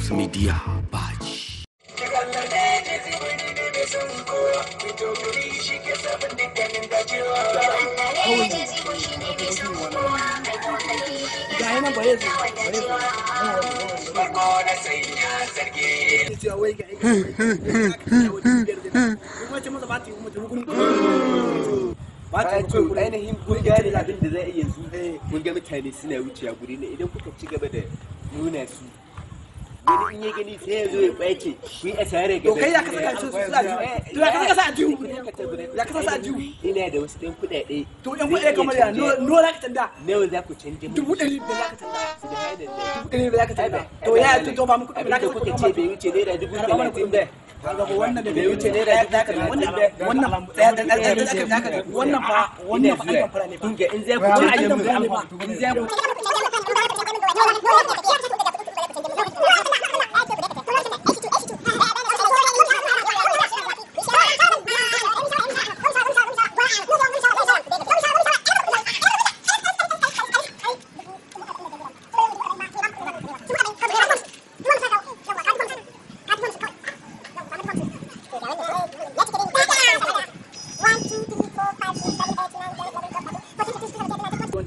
Hausa Media Baji. bata mutum ainihin kun gane abin da zai iya yanzu kun mutane suna wucewa guri ne idan kuka ci gaba da nuna su wani in ya gani sai ya zo ya ɓace a eh, eh, eh, ya kasa kan su ya kasa kasa ya kasa sa ji ina da wasu ɗan kuɗaɗe to ɗan kuɗaɗe kamar ya no za ka canja nawa za ku canja dubu ɗari da za ka canja dubu ɗari da za ka ya to to ba mu kuɗi ba za ka ce bai wuce naira dubu talatin ba wannan da bai wuce naira dubu talatin wannan wannan da ɗaya da wannan fa wannan fa ayyukan fara ne in za ku in ku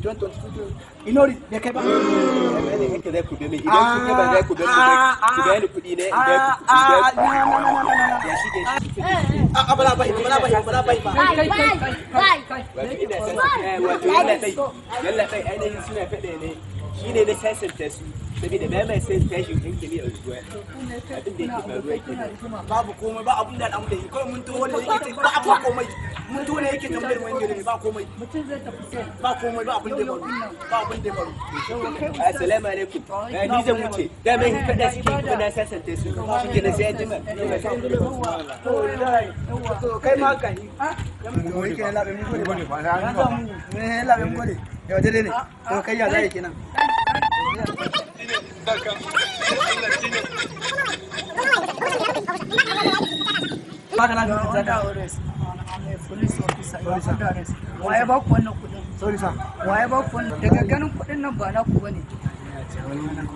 2022 inori da kai ba ne yanke zai kube mai idan kuke ba zai kube ku bayani kuɗi ne idan ku ya shige shi a a bala bai bala bai bala bai ba kai kai kai kai wato ina sai wato ina sai ainihin suna fade ne shi ne na sasanta su saboda bai mai sai tashin hankali a unguwa abin da yake faruwa kenan babu komai ba abun da al'amu da kawai mun to wanda yake ba abu komai mun to ne yake tambayar wani ba komai mutum zai ba komai ba abun da ba ba a da assalamu alaikum ni zan wuce da mai suke kuma na sasanta su shi sai jima to kai ma ba na ne eh, yau dai ne to kai ya zai kenan Baka na ba ku wannan kuɗin? ku daga ganin kuɗin nan ba na ku bane.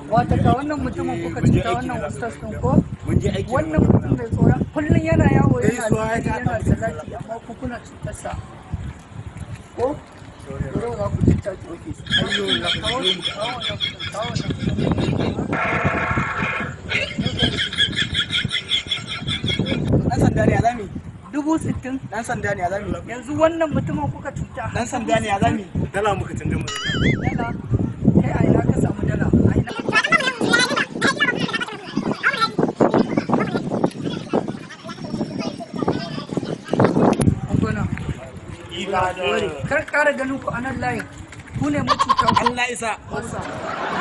Wata ka wannan mutumin kuka ci ta wannan ustas ko? Wannan mutum mai tsoron kullun yana yawo eh, yana alheri yana salati amma ku kuna cutarsa. Ko? Yau za ku cuta ki ofis. Ayyo, kawo kawo kawo. dubu dan sanda ne yanzu wannan mutumin kuka cuta dan a ina ka samu dala a ina Kar ƙara ganin ku a nan layin, ku ne mututa. Allah isa.